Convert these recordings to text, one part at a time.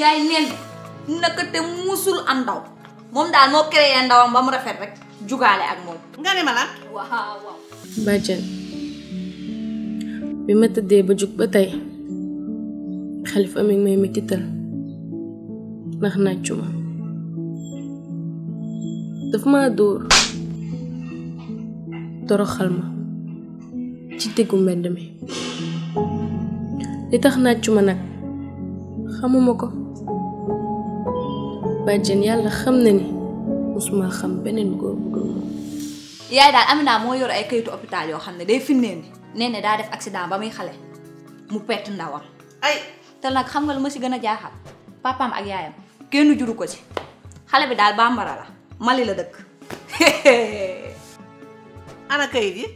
yaay neen naka te musul am ndaw moom daal moo créé ndawam ba mu rafet rek jugaale ak moom. nga ma bi ma tëddee ba jug ba tey xalifa mi ngi may mettital ndax nàccu ma daf maa dóor toroxal ma ci diggu mbedd mi li tax nàccu ma nag xamuma ko. bàjjen yàlla xam na ni musuma xam beneen góor bu dul moom. yaay daal Amina moo yor ay kayitu hôpital yoo xam ne day firndeel ne ne daa def accident ba muy xale mu pett ndawam. ay te nag xam nga lu ma si gën a jaaxal papaam ak yaayam kenn juru ko ci xale bi daal bambara la Mali la dëkk. ana kayit yi.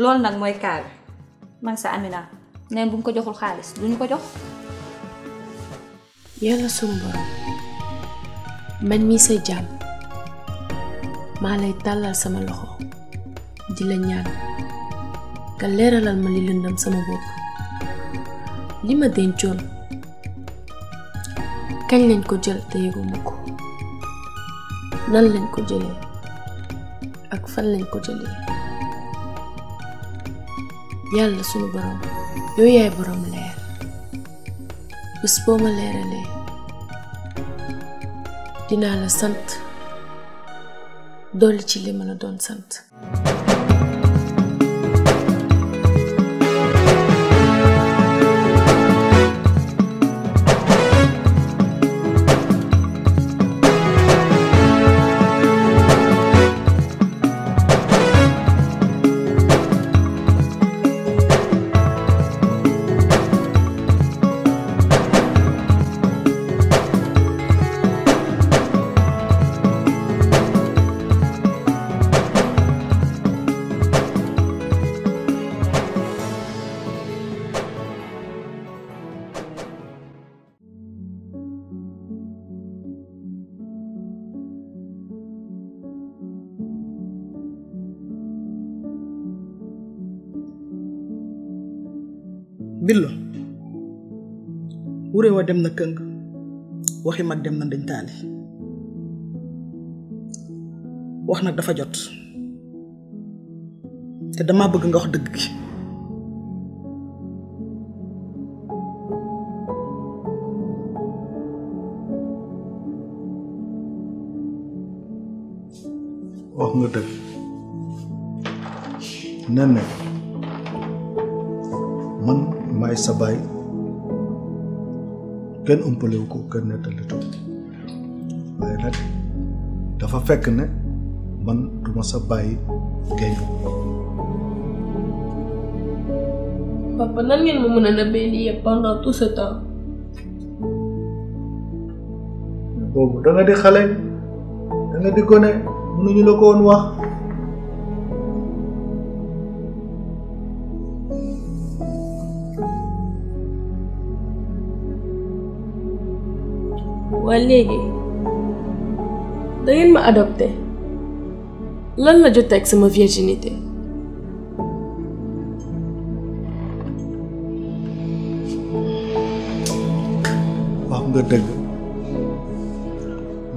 loolu nag mooy kaa bi man sa Amina neen bu ñu ko joxul xaalis du ñu ko jox. yàlla sunu man mi say jaam maa lay tàllal sama loxo di la ñaan nga leeralal ma li lëndam sama bopp li ma dencoon kañ lañ ko jël te yëguma ko nan lañ ko jëlee ak fan lañ ko jëlee yàlla sunu borom yow yaay borom leer bés boo ma leeralee dinaa la sant dolli ci li ma la doon sant wure wa dem na këng waxi mag dem na ndëñ taali wax nag dafa jot te dama bëgg nga wax dëgg gi wax nga dëgg kenn umpalewu ko kenn nettali tu waaye nag dafa fekk ne man duma ma sa bàyyi gaynde papa nan ngeen mo meuna nebe ni lii pendant tout ce temps bobu da nga di xalé da nga di gone mënuñu la ko won wax waa léegi da ma adopté lan la jotee ak sama virginité. wax nga dëgg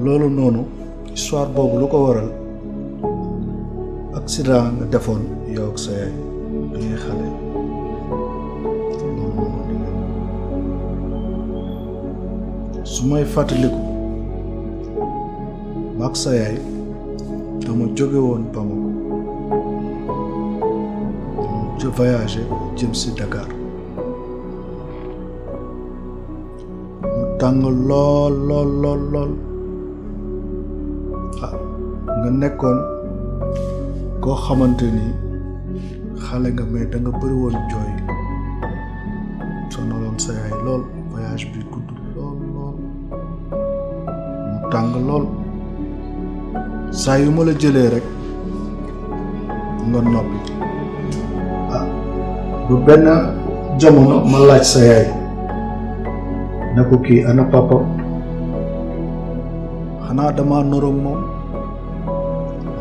loolu noonu histoire boobu lu ko waral accident nga defoon yow ak sa yaay bi nga xale. sumay may fàttaliku maag sa yaay dama jóge woon Bamako je voyagé jëm si Dakar mu tàng lol lol lol lool ah nga nekkoon koo xamante ni xale nga mais da nga bëri woon jooy sonaloon sa yaay lool voyage bi gudd tàng lool yu ma la jëlee rek nga noppi ah bu benn jamono ma laaj sa yaay ne ko kii ana papa xanaa dama noroog moom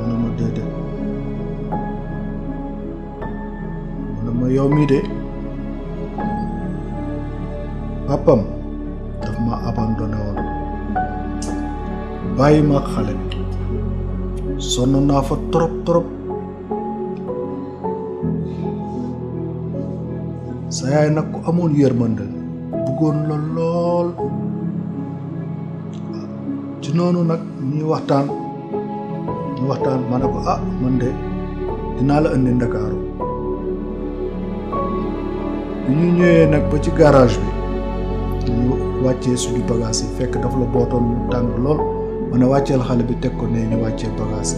mu ma déedéet mu ma yow de papam daf ma bàyyi ma xale bi sonn naa fa trop trop sa yaay nag ku amoon yërmande bëggoon la lool ci noonu nag ñuy waxtaan ñu waxtaan ma ne ko ah man de dinaa la indi ndakaaru bi ñu ñëwee nag ba ci garage bi ñu wàccee suñu bagage yi fekk dafa la bootoon mu tàng lool mu ne wàcceel xale bi teg ko ne ñu wàccee bagage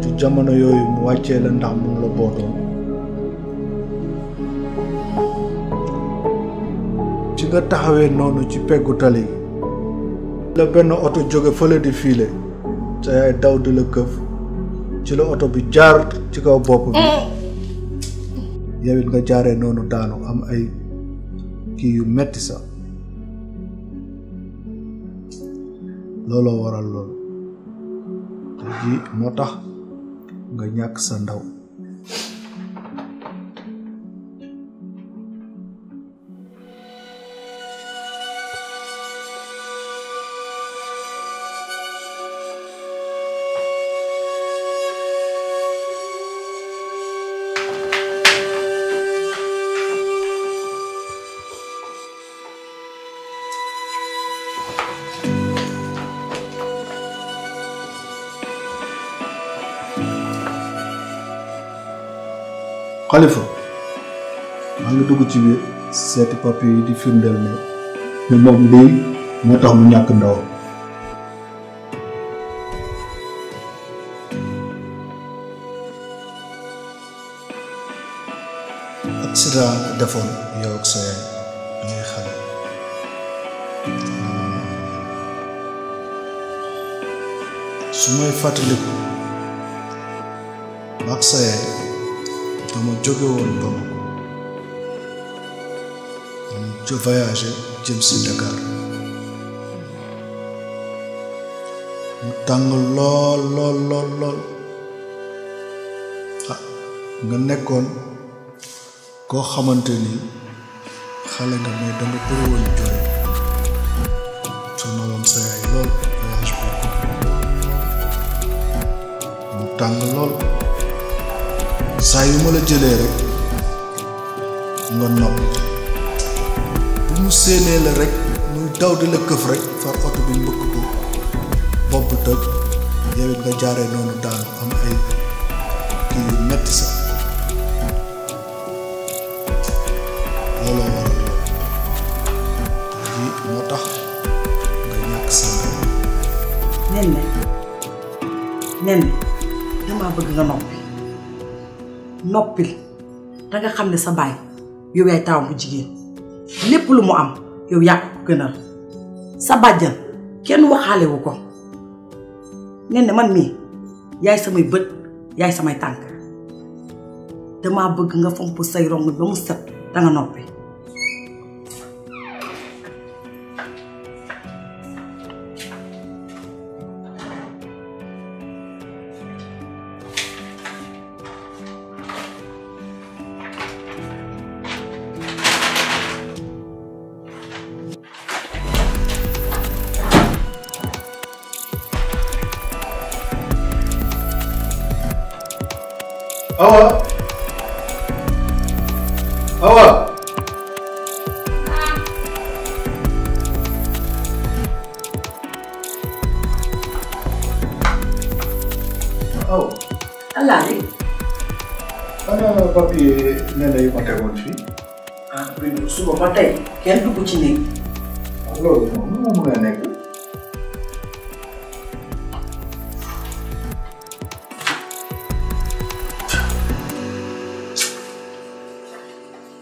ci jamono yoy mu wàccee la ndax mu la bodo ci nga taxawé nonu ci peggu tali la ben auto jóge fële di fiile sa yaay daw di le keuf ci la auto bi jaar ci kaw bop bi yow nga jaaré nonu daanu am ay ki yu metti sa looloo waral lool te ji tax nga ñàkk sa ndaw xalifa maa ngi dugg ci biir seeti papier yi di firndeel ne ne moom lii moo tax mu ñàkk ndaw ak sa yaay xale su may fàttaliku ak sa te ma jóge woon Bamako mu voyagé jëm si Dakar mu tàng lool lool lool lool ah, nga nekkoon koo xamante ni xale nga mais danga bëri woon jooy sonaloon sa yaay lool mu tàng lool saa yu ma la jëlee rek nga nopp bu mu séenee la rek muy daw di la këf rek far oto bi mbëkk ko bopp tëj nga jaaree noonu daanu am ay kii yu sax looloo waral lii moo tax nga ñàkk sa nen nen dama bëgg nga nopp Nopil, da nga xamne sa bay yow yaay taw bu jigen lepp lu mu am yow yak ko gënal sa bàjjan kenn waxale wu ko man mi yaay samay bët yaay samay tank dama bëgg nga fomp say rong ba mu set da nga Awa. Awa. Awa. Allah ne. Ana babi nanayi mata wanci? A, bai su ba mata yi, yan dubu ne.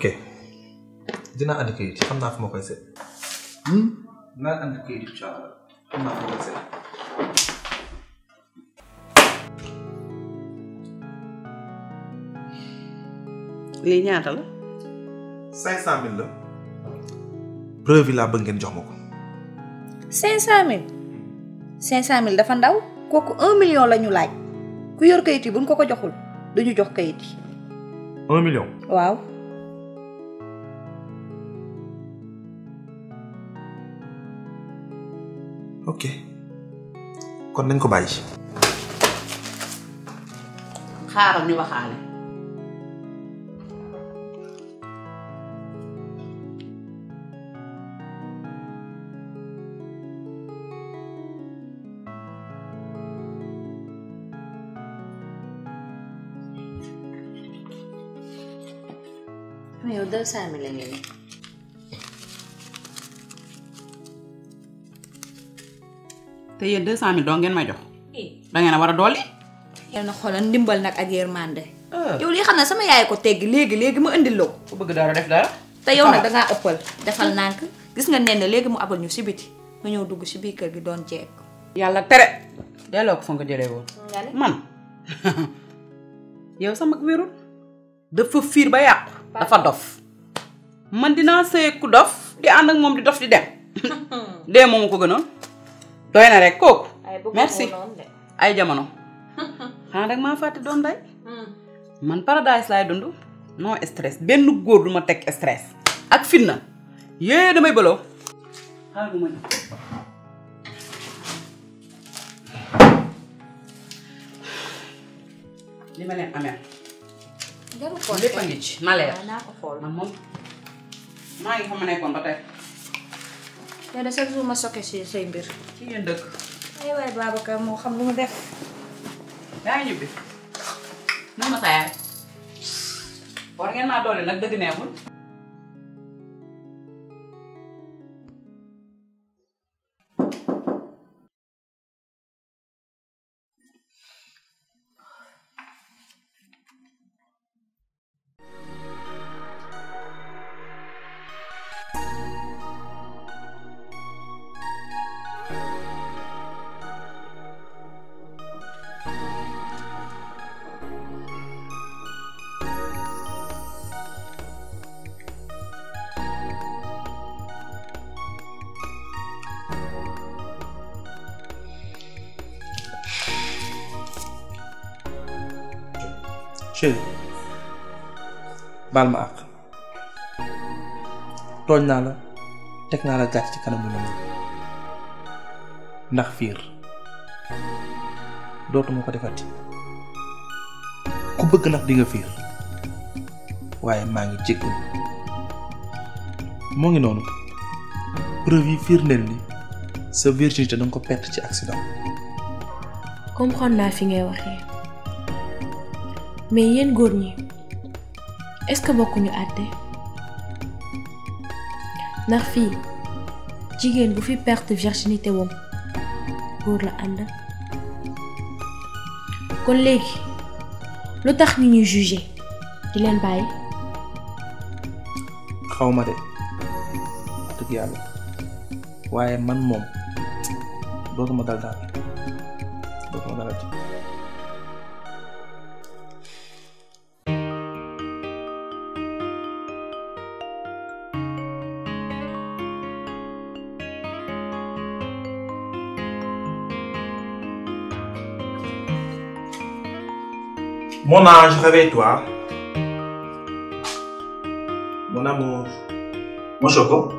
ok dinaa andi kayit hmm? xam naa fu ma koy seet. lii ñaata la. cinq cent mille la. preuve bëgg ngeen jox ma ko. cinq cent mille. cinq cent mille dafa ndaw. kooku un million la ñu laaj. ku yor kayit yi buñ ko ko joxul duñu jox kayit un million. waaw. Ok. kon nañ ko bàyyi. xaaral ñu waxaale. yow deux cent mille la te yeen deux cent mille ngeen may jox. Eh. da ngeen wara doli yeen dolli. na xoolal ndimbal nak ak yermande eh. yow li xam sama yaay ko tegg legi legi ma andil lo ko. ku bëgg dara def dara. te yow da nga ëppal. defal nank gis nga nee legi mu abal ñu ci biti nga ñëw dugg ci biir kër gi doon jeeg. yalla tere. delo ko fa nga woon. man yow sama wérul dafa fiir ba yàqu. dafa dof. man dina sey ku dof di and ak mom di dof di dem. dee moomu ko gënoon. doy na rek kooku. merci ay jamono. xanaa dag maa fàtte doom day hmm. man paradise laay dund non stress benn góor du ma teg stress. ak fitna yee damay bëloo. yow de chaque jour ma sokke si say mbir. ci ngeen dëkk. ay waay Babacar moo xam lu mu def. yaa ngi ñibbi. nu ma sa war ngeen maa doole nag dëgg neexul. chéri baal ma àq tooñ naa la teg naa la gàcc ci kanamu nit ñi ndax fiir dootuma ko defati ku bëgg nag di nga fiir waaye maa ngi jéggul moo ngi noonu preuve yi firndeel ni sa virginité danga ko perte ci accident comprendre naa fi ngay waxee mais est-ce que bokkuñu àtte ndax fii jigéen bu fi perte virginité pour la ànd kon léegi lu ñu di leen bàyyi xaw de man moom dootuma dal Mon ange, réveille-toi. Mon amour. Mon choco.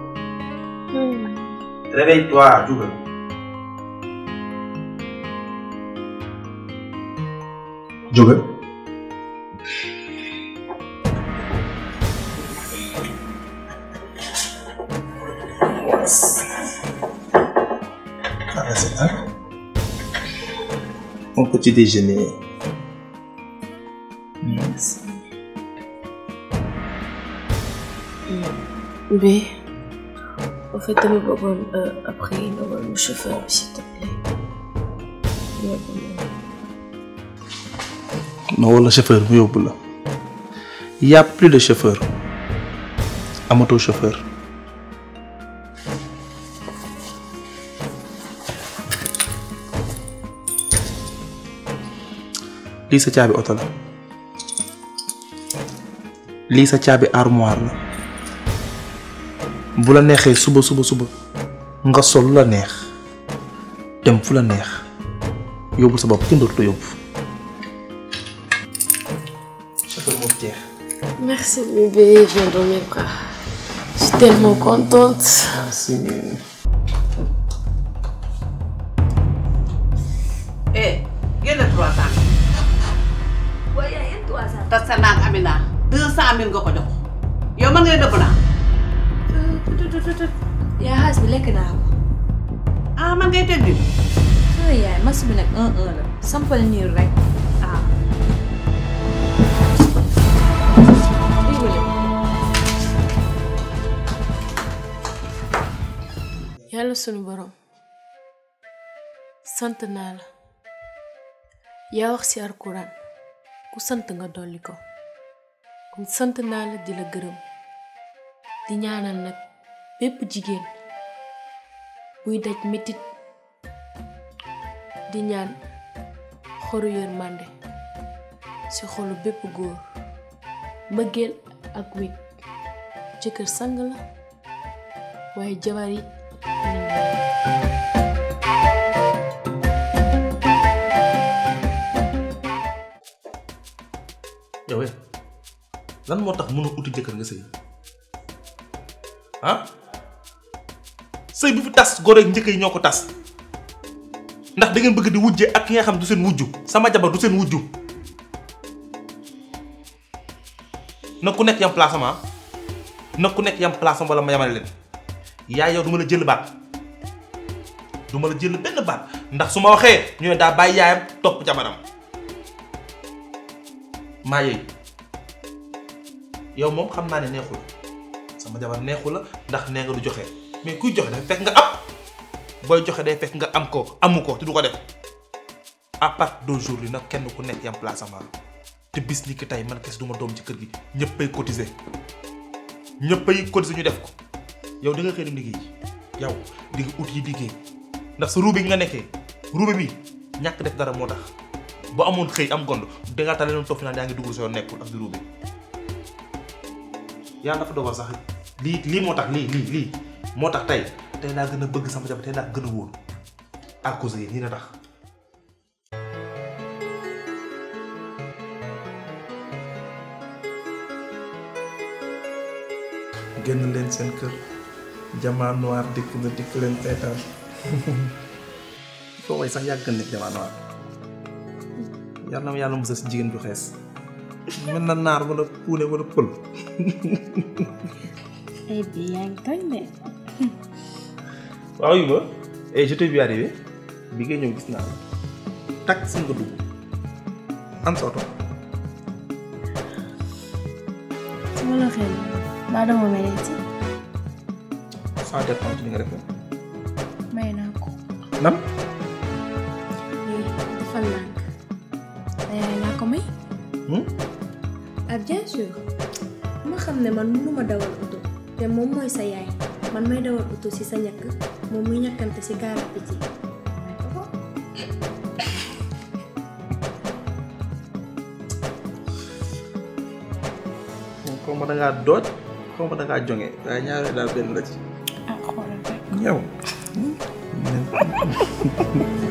Réveille-toi, Double. Double. un petit déjeuner. bébé. Au fait, le bëggoon euh, après nous avons le chauffeur s'il te plaît. Non, le chauffeur Oui, mu yóbbu Il y a plus de chauffeur. moto chauffeur. Lisa sa caabi Lisa la. armoire bu la neexee suba suba suba nga sol la neex dem fu la neex yóbbul sa bopp kenn dootu la yóbbu. Merci bébé, je viens dormir quoi. Je suis tellement contente. Merci. aman ah, kayak tëdd oh, iya, oh, oh, ah yaay match bi nag 1-1 la sampal rek Yalla sunu borom sant na la ya wax ci alquran ku sant nga doli ko kon sant na la di la gërëm di ñaanal nak bepp jigéen buy daj metit di ñaan xoru mande ci xolu bépp góor mbëggeel ak wig jëkkër sang la waaye jabar yi yow eh, lan moo tax mënu uti jëkkër nga sëy ah sey bi fi tass góor ak njëkk yi ñoo ko ndax da ngeen bëgg di wujje ak ki nga xam du seen wujju sama jaba du seen wujju na ku nekk yam placement ah. na ku nekk yam placement wala ma yamale leen yaay yow duma la jël baat duma la jël benn baat ndax suma waxee ñu ne daa bàyyi yaayam topp jabaram maa yow moom xam naa ne neexul sama jabar neexul la ndax nee nga du joxe mais kuy joxe day fekk nga am booy joxe day fekk nga am ko amu ko te du ko def à partir d'aujourd'hui nag kenn ku nekk yam place am te bis ni ki tey man kes duma doom ci kër gi ñëppay cotiser ñëppay cotiser ñu def ko yow di nga xëy dem liggéey yow di nga ut yi liggéey ndax sa ruube nga nekkee ruube bi ñàkk def dara moo tax bo amoon xëy am gond dangaa nga talé non fi final yaa ngi dugg sa yoon nekkul ak di ruube yaa dafa dobal sax li li motax li li li moo tax tey tey laa gën a bëgg sama jabar tey laa gën a wóor à cause yéen na tax génn leen seen kër jamaa noir dikk na dikk leen seetaan soo way sax yàggal nekk jamaa yàlla na ma yàlla musal si jigéen ju xees mën na naar wala puune wala pël waaw eh, yu ma et je t'ai vu arrivé bi ngay ñëw gis naa la takk sama nga dugg am sa oto su ma la dama ci ça dépend ci li nga def may naa ko nam defal naa ko yaay naa ko may ah bien sûr ma xam ne man mënuma dawal oto te moom mooy sa yaay ಮನ್ಮೈದ ಒಬ್ಬತ್ತು ಸಿಸಂಜಕ್ಕೆ ಮುಮ್ಮಿನಕ್ಕಂತ ಸಿಕಾರ pici kau pada ngadot kau pada ngajong kayaknya udah band lagi aku orang